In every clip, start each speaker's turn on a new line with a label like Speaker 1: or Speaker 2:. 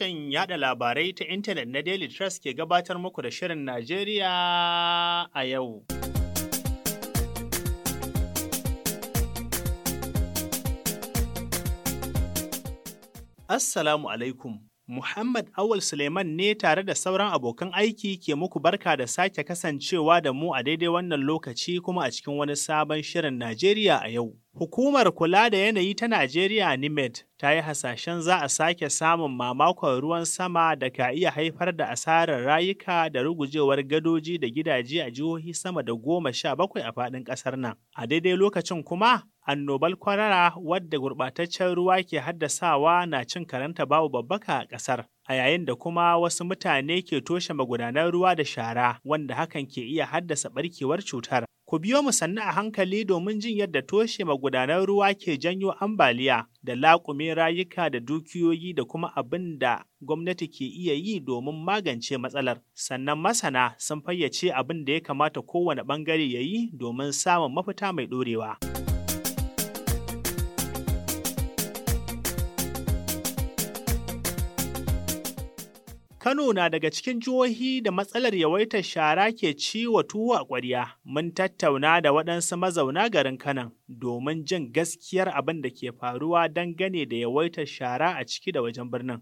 Speaker 1: Sashen yada labarai ta intanet na Daily Trust ke gabatar muku da Shirin Najeriya a yau. Assalamu alaikum. Muhammad Awul Suleiman ne tare da sauran abokan aiki ke muku barka da sake kasancewa da mu a daidai wannan lokaci kuma a cikin wani sabon shirin Najeriya a yau. Hukumar kula da yanayi ta Najeriya NIMED ta yi hasashen za a sake samun mamakon ruwan sama da ka iya haifar da asarar rayuka da rugujewar gadoji da gidaje a jihohi sama da goma sha bakwai a faɗin ƙasar nan. A daidai lokacin kuma annobar kwarara wadda gurɓataccen ruwa ke haddasawa na cin karanta babu babbaka a ƙasar. A yayin da kuma wasu mutane ke toshe magudanan ruwa da shara wanda hakan ke iya haddasa ɓarkewar cutar. Ku biyo mu sannu a hankali domin jin yadda toshe magudanan ruwa ke janyo ambaliya da laƙume rayuka da dukiyoyi da kuma abin da gwamnati ke iya yi domin magance matsalar. Sannan masana sun fayyace abin da ya kamata kowane ɓangare ya yi domin samun mafita mai ɗorewa. Kano na daga cikin jihohi da matsalar yawaitar shara ke ci wa tuwo a ƙwarya. Mun tattauna da waɗansu mazauna garin Kanan domin jin gaskiyar abin da ke faruwa dangane da yawaitar shara a ciki da wajen birnin.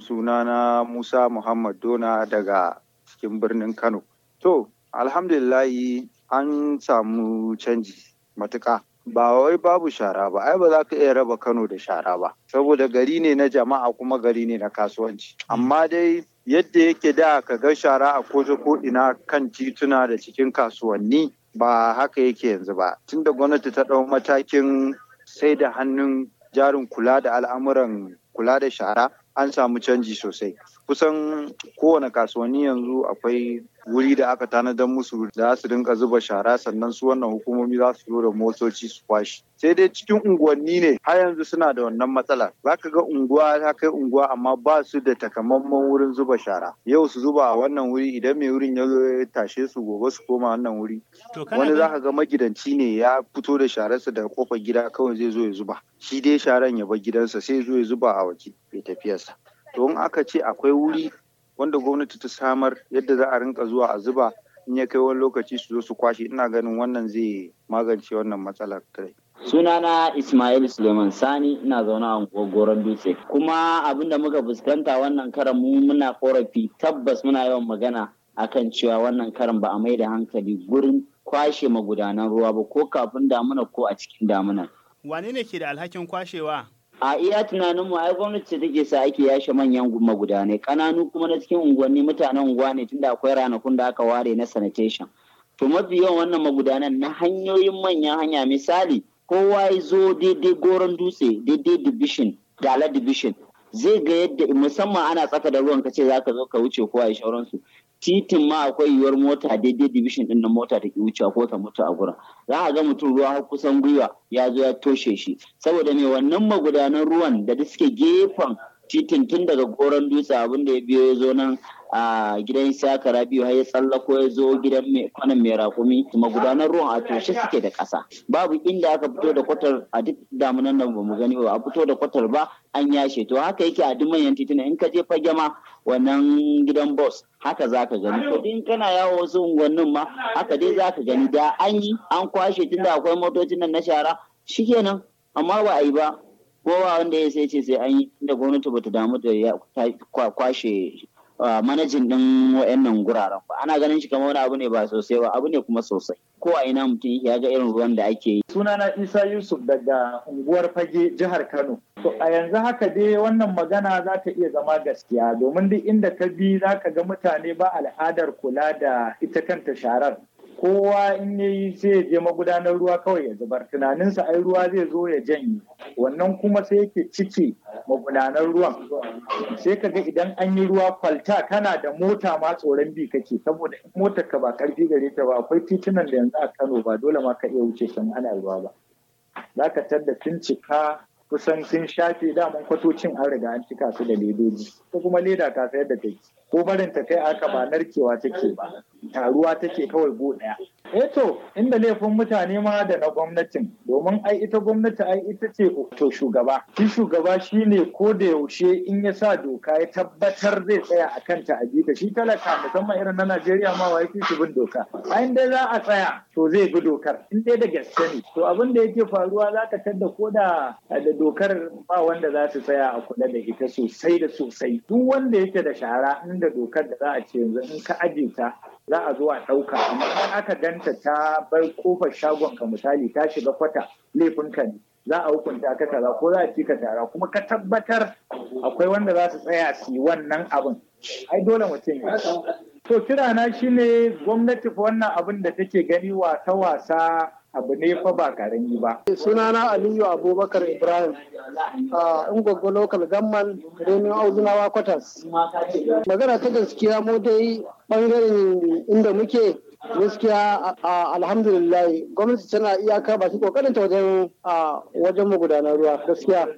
Speaker 2: Sunana Musa Muhammad Dona daga cikin birnin Kano. To, alhamdulillahi an samu canji matuka. ba wai babu shara ba ai ba za ka iya raba kano da shara ba saboda gari ne na jama'a kuma gari ne na kasuwanci amma dai yadda yake da ka ga shara a ko ko ina kan tituna da cikin kasuwanni ba haka yake yanzu ba tunda gwamnati ta ɗau matakin sai da hannun jarin kula da al'amuran kula da shara an samu canji sosai kusan kowane kasuwanni yanzu akwai wuri da aka tanadar musu za su rinka zuba shara sannan su wannan hukumomi za su zo da motoci su kwashi sai dai cikin unguwanni ne har yanzu suna da wannan matsala za ka ga unguwa ta kai unguwa amma ba su da takamaiman wurin zuba shara yau su zuba a wannan wuri idan mai wurin ya zo ya tashe su gobe su koma wannan wuri wani za ka ga magidanci ne ya fito da shararsa daga kofar gida kawai zai zo ya zuba shi dai sharan ya bar gidansa sai zo ya zuba a waje bai tafiyarsa to in aka ce akwai wuri wanda gwamnati ta samar yadda za a rinka zuwa a zuba in ya kai wani lokaci su zo su kwashe ina ganin wannan zai magance wannan matsalar kai.
Speaker 3: Sunana Ismail Suleiman Sani ina zaune a gogoron dutse.
Speaker 2: Kuma abinda muka fuskanta
Speaker 3: wannan karan mu muna korafi tabbas muna yawan magana akan cewa wannan karan ba a mai da hankali gurin kwashe magudanan ruwa ba ko kafin damuna ko a cikin damuna.
Speaker 1: Wane ne ke da alhakin kwashewa?
Speaker 3: a iya tunaninmu ai gwamnati take sa ake yashe manyan magudanai kananu kuma na cikin unguwanni mutanen unguwa ne tunda akwai ranakun da aka ware na sanitation to mafi yawan wannan magudanan na hanyoyin manyan hanya misali kowa ya zo daidai goron dutse daidai division dala division zai ga yadda musamman ana tsaka da ruwan ka ce za ka zo ka wuce kowa ya shauransu titin ma akwai yiwuwar mota daidai division din na mota ta wucewa ko ta mutu a gurin za a ga mutum ruwa har kusan gwiwa ya zo ya toshe shi saboda me wannan magudanan ruwan da suke gefen titin tun daga goron dutse abin da ya biyo ya zo nan a gidan sakara biyu har ya tsallako ya zo gidan kwanan mai rakumi magudanar ruwan a toshe suke da kasa babu inda aka fito da kwatar a duk damunan nan ba mu gani ba a fito da kwatar ba an yashe to haka yake a duk manyan tituna in ka je fage ma wannan gidan bos haka za ka gani ko in kana yawo wasu unguwannin ma haka dai za ka gani da an yi an kwashe tun da akwai motocin nan na shara shi shikenan amma ba a yi ba kowa wanda ya sai ce sai an yi da gwamnati bata damu da ya kwashe Uh, manajin ɗin wa'annan guraren ba ana ganin shi kamar wani abu ne ba sosai ba abu ne kuma sosai ko a ina mutum ya ga irin ruwan da ake yi.
Speaker 4: sunana isa yusuf daga unguwar fage jihar kano to a yanzu haka dai wannan magana za ta iya zama gaskiya domin duk inda ka bi za ka ga mutane ba al'adar kula da ita kanta sharar kowa in ya yi sai ya je magudanar ruwa kawai ya zubar tunaninsa ai ruwa zai zo ya janye wannan kuma sai yake cike magudanar ruwan sai ka ga idan an yi ruwa kwalta kana da mota ma tsoron bi kake saboda in motar ka ba karfi gare ta ba akwai titunan da yanzu a Kano ba dole ma ka iya wuce san ana ruwa ba zaka tadda sun cika kusan sun shafe daman kwatocin an riga an cika su da ledoji ko kuma leda ka sayar da take ko barin ta kai aka ba narkewa take taruwa take kawai go daya eh to inda laifin mutane ma da na gwamnatin domin ai ita gwamnati ai ita ce to shugaba shi shugaba shine ko da yaushe in ya sa doka ya tabbatar zai tsaya a kanta a bita shi talaka musamman irin na Najeriya ma wa yake bin doka ai inda za a tsaya to zai bi dokar in dai da gaske ne to abin da yake faruwa za ka tadda ko da da dokar ba wanda za su tsaya a kula da ita sosai da sosai duk wanda yake da shara in da dokar da za a ce yanzu in ka aje ta za a zo a ɗauka amma in aka danta ta bar kofar shagon ka misali ta shiga kwata laifin ka ne za a hukunta ka kaza ko za a ci ka tara kuma ka tabbatar akwai wanda za su tsaya su yi wannan abin ai dole mutum ya to kirana shine gwamnati wannan abin da take gani wasa wasa abu ne fa ba karami ba. Sunana Aliyu Abubakar Ibrahim, a
Speaker 3: Ungwaggo Local Gamman,
Speaker 4: Renin Auzunawa Kwatas.
Speaker 3: Magana ta gaskiya mu dai bangaren inda muke gaskiya alhamdulillah gwamnati tana iyaka ba shi kokarin ta wajen wajen magudanar ruwa gaskiya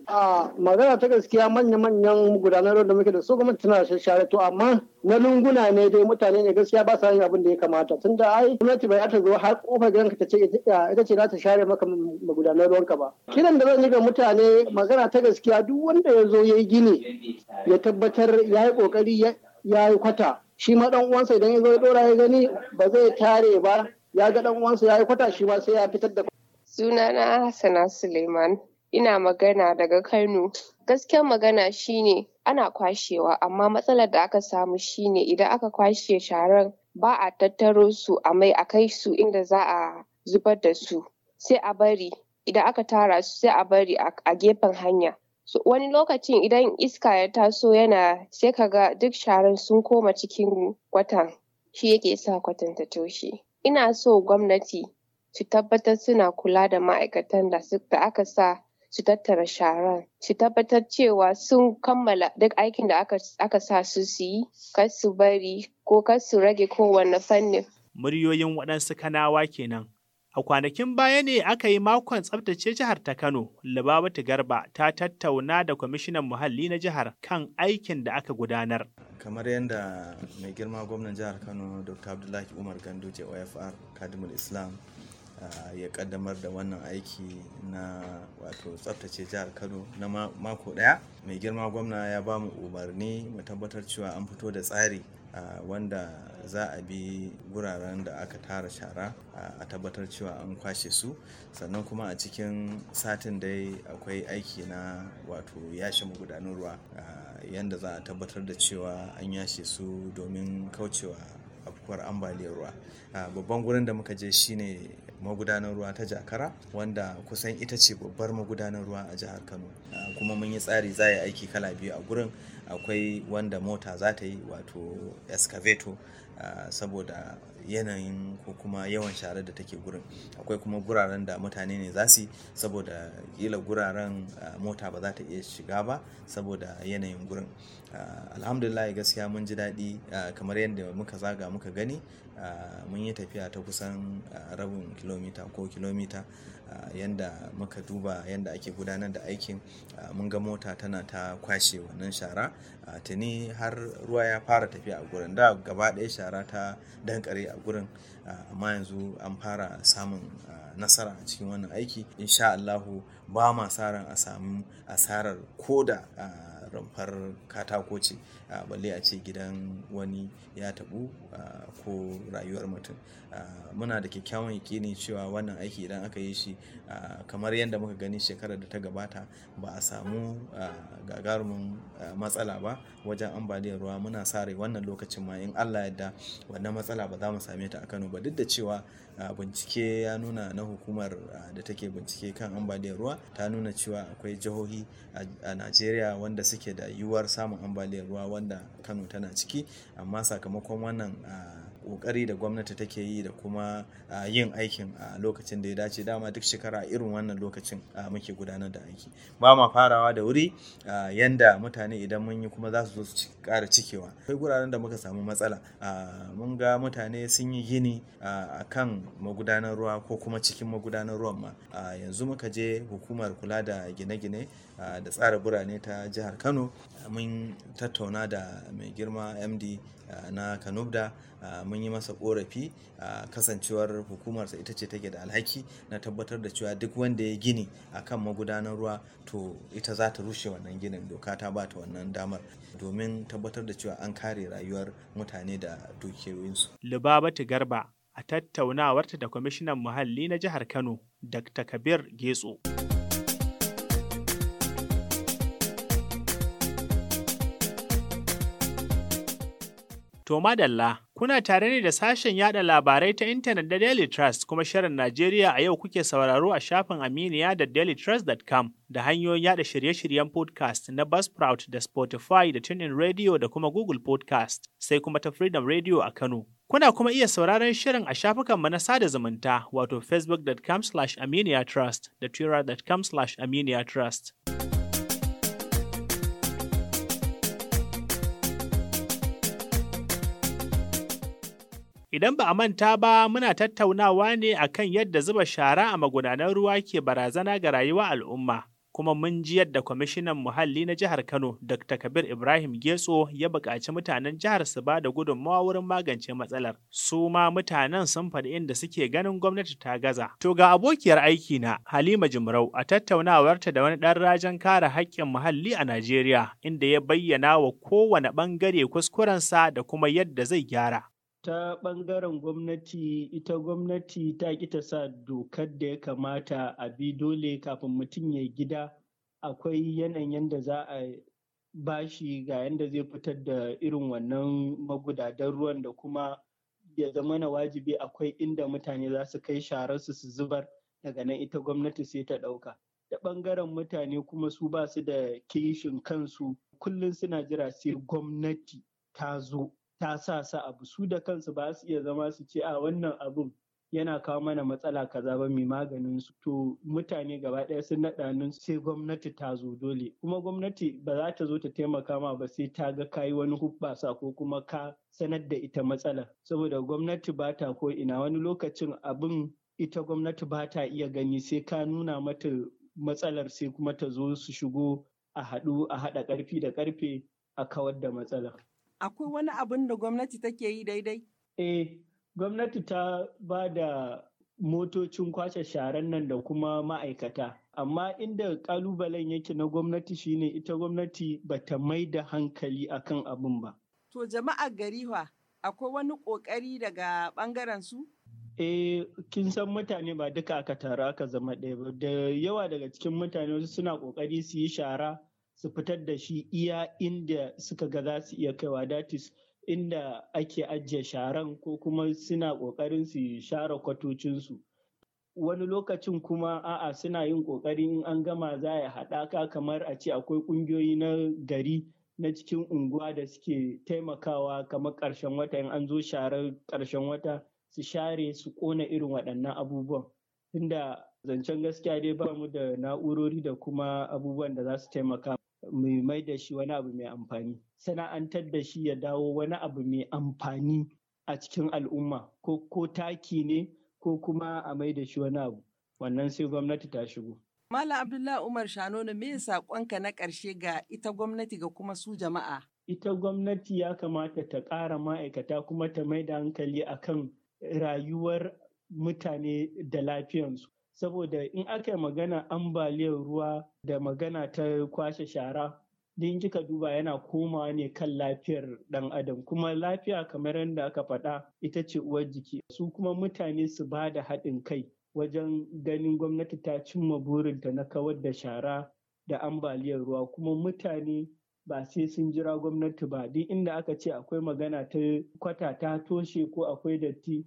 Speaker 3: magana ta gaskiya manya-manyan magudanar ruwa da muke da su gwamnati tana share to amma na lunguna ne dai mutane ne gaskiya ba sa yin abin da ya kamata tun da ai gwamnati bai ta zo har kofar gidanka ta ce ita ce za ta share maka magudanar ruwanka ba kiran da zan yi ga mutane magana ta gaskiya duk wanda ya zo ya yi gini ya tabbatar ya yi kokari ya yi kwata shi ma dan uwansa idan ya zo ya dora ya gani ba zai tare ba ya ga dan uwansa ya yi kwata shi ma sai ya fitar da
Speaker 5: sunana Hassana Suleiman ina magana daga Kano gaskiyar magana shine ana kwashewa amma matsalar da aka samu shine idan aka kwashe sharan ba a tattaro su a mai a kai su inda za a zubar da su sai a bari idan aka tara su sai a bari a gefen hanya wani lokacin idan iska ya taso yana sai ka ga duk sharan sun koma cikin kwatan shi yake sa kwatan ta toshe ina so gwamnati su tabbatar suna kula da ma'aikatan da aka sa su tattara sharan su tabbatar cewa sun kammala duk aikin da aka sa su su yi kar su bari ko kar su rage kowane fannin
Speaker 1: muryoyin waɗansu kanawa kenan A kwanakin baya ne aka yi makon tsabtace jihar ta Kano, Lubabatu Garba ta tattauna da kwamishinan muhalli na jihar kan aikin da aka gudanar.
Speaker 6: Kamar yadda mai girma gwamnan jihar Kano Dr. Abdullahi Umar Ganduje OFR Kadimul Islam ah, ya kaddamar da wannan aiki na wato tsabtace jihar Kano na mako daya. Mai girma gwamna ya ba mu umarni mu tabbatar cewa an fito da tsari ah, wanda za a bi guraren da aka tara shara a tabbatar cewa an kwashe su sannan kuma a cikin satin dai akwai aiki na wato yashe magudanin ruwa yadda za a tabbatar da cewa an yashe su domin kaucewa afkuwar ambaliyar ruwa babban gurin da muka je shine magudanar ruwa ta jakara wanda kusan ita ce babbar magudanar ruwa a jihar kano kuma mun yi tsari za yi aiki kala biyu a gurin akwai wanda mota za ta yi wato excavator saboda yanayin ko kuma yawan sharar da take gurin akwai kuma guraren da mutane ne za su saboda kila guraren mota ba za ta iya shiga ba saboda yanayin gurin alhamdulillah gaskiya mun ji daɗi kamar yadda muka zaga muka gani mun yi tafiya ta kusan rabin kilomita ko kilomita yanda muka duba yanda ake gudanar da aikin mun ga mota tana ta kwashe wannan shara tuni har ruwa ya fara tafiya a gurin da gaba ɗaya shara ta dankare a gurin amma yanzu an fara samun nasara a cikin wannan aiki insha Allahu ba ma sa a samu asarar koda rumfar katako ce a balle a ce gidan wani ya tabu ko rayuwar mutum muna da kyakkyawan ne cewa wannan aiki idan aka yi shi kamar yadda muka gani shekarar da ta gabata ba a samu gagarumin matsala ba wajen ambaliyar ruwa muna sa rai wannan lokacin ma in allah yadda wannan matsala ba za mu same ta a kano ba duk da cewa bincike ya nuna na hukumar da take bincike kan ambaliyar ruwa ta nuna cewa akwai jihohi a najeriya wanda suke suke da yiwuwar samun ambaliyar ruwa wanda kano tana ciki amma sakamakon wannan ah, kokari da gwamnati take yi da kuma yin aikin a lokacin da ya dace dama duk shekara irin wannan lokacin muke gudanar da aiki ba ma farawa da wuri yanda mutane idan mun yi kuma za su zo su kara cikewa akwai guraren da muka samu matsala mun ga mutane sun yi gini a kan magudanar ruwa ko kuma cikin magudanar ruwan ma yanzu muka je hukumar kula da gine-gine da tsara birane ta jihar kano mun tattauna da mai girma md eh, na kanubda eh, mun yi masa korafi a eh, kasancewar hukumarsa ita ce take da alhaki na tabbatar da cewa duk wanda ya gini a kan magudanar ruwa to ita za ta rushe wannan ginin doka ta ba ta wannan damar domin tabbatar da cewa an kare rayuwar mutane da dukiyoyinsu.
Speaker 1: Lubabatu Garba a tattaunawarta da kwamishinan muhalli na jihar Kano, Dr. Kabir Getso. To madalla, kuna tare ne da sashen yada labarai ta intanet da Daily Trust kuma shirin Najeriya a yau kuke sauraro a shafin Aminiya da dailytrust.com da hanyoyin yada shirye-shiryen podcast na Buzzsprout da Spotify da TuneIn Radio da kuma Google Podcast, sai kuma ta Freedom Radio a Kano. Kuna kuma iya sauraron shirin a shafukanmu na sada zumunta wato facebook.com/aminiya trust da twitter.com/aminiya trust. Idan ba a manta ba muna tattaunawa ne akan yadda zuba shara a magudanan ruwa ke barazana ga rayuwa al'umma. Kuma mun ji yadda kwamishinan muhalli na jihar Kano, Dr. Kabir Ibrahim Getso ya buƙaci mutanen jihar su ba da gudunmawa wurin magance matsalar. Su ma mutanen sun faɗi inda suke ganin gwamnati ta gaza. To ga abokiyar aiki na Halima Jimrau a tattaunawarta da wani ɗan rajan kare haƙƙin muhalli a Najeriya, inda ya bayyana wa kowane ɓangare kuskurensa da kuma yadda zai gyara.
Speaker 5: Ta ɓangaren gwamnati, ita gwamnati ta ki ta sa dokar da ya kamata a bi dole kafin mutum ya gida akwai yanayin da za a bashi ga yadda zai fitar da irin wannan magudadan ruwan da kuma ya zama na wajibi akwai inda mutane za su kai shararsu su zubar daga nan ita gwamnati sai ta ɗauka. Da ɓangaren mutane kuma su ba su da kishin kansu kullum suna jira sai gwamnati ta zo ta sa su abu su da kansu ba su iya zama su ce a wannan abun yana kawo mana matsala kaza ba mai maganin su to mutane gaba ɗaya sun naɗa nan sai gwamnati ta zo dole kuma gwamnati ba za ta zo ta taimaka ma ba sai ta ga kayi wani hubbasa ko kuma ka sanar da ita matsala saboda gwamnati ba ta ko ina wani lokacin abin ita gwamnati ba ta iya gani sai ka nuna mata matsalar sai kuma ta zo su shigo a haɗu a haɗa ƙarfi da ƙarfe a kawar da matsalar. akwai wani abin da gwamnati take yi daidai? Eh, gwamnati ta ba da motocin kwashe sharan nan da kuma ma'aikata. Amma inda kalubalen yake na gwamnati shine ita gwamnati bata mai da hankali akan abin ba. To jama'a gariwa akwai wani ƙoƙari daga ɓangaren su? Eh, kin san mutane ba duka aka taru aka zama ɗaya ba. Da yawa daga cikin mutane wasu suna ƙoƙari su yi shara. su fitar da shi iya inda suka ga za su iya kaiwa datis inda ake ajiye sharan ko kuma suna ƙoƙarin su share kwatocinsu wani lokacin kuma a'a suna yin ƙoƙarin an gama za a haɗaka kamar a ce akwai ƙungiyoyi na gari na cikin unguwa da suke taimakawa kamar ƙarshen wata in an zo sharar ƙarshen wata su share su ƙona irin waɗannan abubuwan inda zancen gaskiya dai ba mu da na'urori da kuma abubuwan da za su taimaka mu mai da shi wani abu mai amfani sana'antar da shi ya dawo wani abu mai amfani a cikin al'umma ko ko taki ne ko kuma a mai da shi wani abu wannan sai gwamnati ta shigo Malam Abdullahi Umar Shanono me saƙonka na ƙarshe ga ita gwamnati ga kuma su jama'a? Ita gwamnati ya kamata ta ƙara ma'aikata kuma ta mai da hankali akan rayuwar mutane da lafiyansu. saboda in aka yi magana ambaliyar ruwa da magana ta kwashe shara din kika duba yana komawa ne kan lafiyar dan adam kuma lafiya kamar yadda aka faɗa ita ce uwar jiki su kuma mutane su ba da haɗin kai wajen ganin gwamnati ta cimma burinta na kawar da shara da ambaliyar ruwa kuma mutane ba sai sun jira gwamnati ba duk inda aka ce akwai magana ta kwata ta toshe ko akwai datti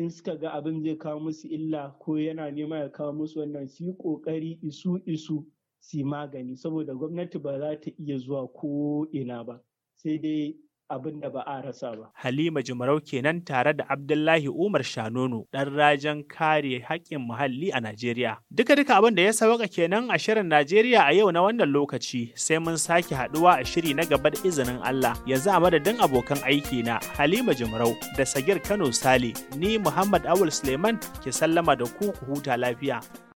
Speaker 5: in suka ga abin zai kawo musu illa ko yana nema ya kawo musu wannan su yi kokari isu isu su yi magani saboda gwamnati ba za ta iya zuwa ko ina ba sai dai abin da ba a rasa ba.
Speaker 1: Halima Jumarau kenan tare da Abdullahi Umar Shanono ɗan rajan kare haƙƙin muhalli a Najeriya. Duka duka abin da ya sauka kenan a shirin Najeriya a yau na wannan lokaci sai mun sake haɗuwa a shiri na gaba da izinin Allah. Yanzu a madadin abokan aiki na Halima Jumarau da Sagir Kano Sale ni Muhammad Awul Suleiman ke sallama da ku ku huta lafiya.